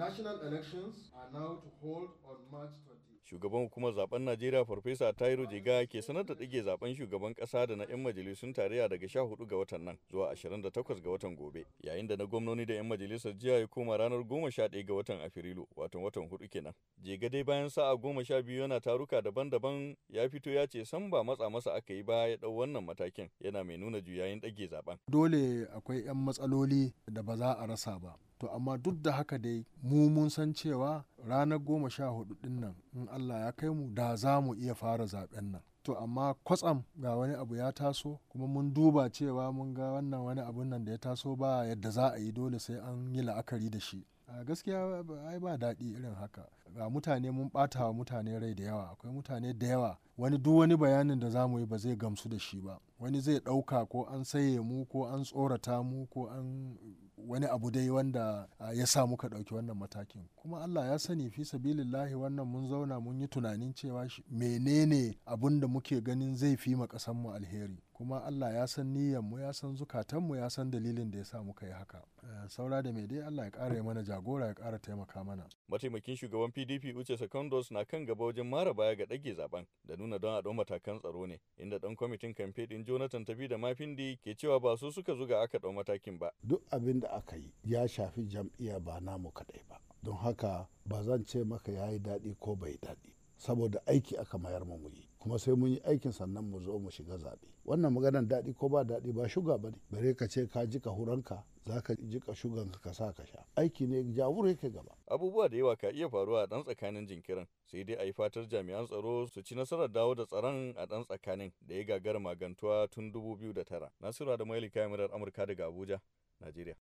national elections are now to hold on March 20. shugaban hukumar zaben najeriya farfesa tairo jiga ke sanar da ɗage zaben shugaban ƙasa da na 'yan majalisun tarayya daga 14 ga watan nan zuwa 28 ga watan gobe yayin da na gwamnoni da 'yan majalisar jiya ya koma ranar 11 ga watan afrilu watan watan hudu kenan jiga dai bayan sa'a goma sha biyu yana taruka daban-daban ya fito ya ce san ba matsa masa aka yi ba ya ɗau wannan matakin yana mai nuna juyayin ɗage zaben dole akwai 'yan matsaloli da ba za a rasa ba to amma duk da haka dai mu mun san cewa ranar goma sha hudu din nan in allah ya kai mu da za mu iya fara zaben nan to amma kwatsam ga wani abu ya taso kuma mun duba cewa mun ga wannan wani abun nan da ya taso ba yadda za a yi dole sai an yi la'akari da shi a gaskiya ai ba daɗi irin haka ga mutane mun ɓata wa mutane rai da yawa akwai mutane da yawa wani duk wani bayanin da za mu yi ba zai gamsu da shi ba wani zai ɗauka ko an saye mu ko an tsorata mu ko an wani abu dai wanda ya sa muka ɗauki wannan matakin kuma allah ya sani fi sabilillahi wannan mun zauna mun yi tunanin cewa menene abun da muke ganin zai fi ma mu alheri kuma allah ya san mu ya san zukatanmu ya san dalilin da ya sa muka yi haka eh, saura da mai dai allah ya ƙara mana jagora ya kara taimaka mana mataimakin shugaban pdp uche secondos na kan gaba wajen mara baya ga ɗage zaben da nuna don a matakan tsaro ne inda ɗan kwamitin kamfe ɗin jonathan tafi da mafindi ke cewa ba su suka zuga aka ɗau matakin ba duk abin da aka yi ya shafi jam'iyya ba namu kaɗai ba don haka ba zan ce maka ya yi daɗi ko bai daɗi saboda aiki aka mayar mu yi kuma sai mun yi aikin sannan mu zo mu shiga zaɓe wannan maganar daɗi ko ba daɗi ba shuga ba ne bare ka ce ka jika huranka za ka jika shugan ka sa ka sha aiki ne jawur yake gaba abubuwa da yawa ka iya faruwa a ɗan tsakanin jinkirin sai dai a yi fatar jami'an tsaro su ci nasarar dawo da tsaron a ɗan tsakanin da ya gagara magantuwa tun dubu biyu da tara. mailika murar amurka daga abuja najeriya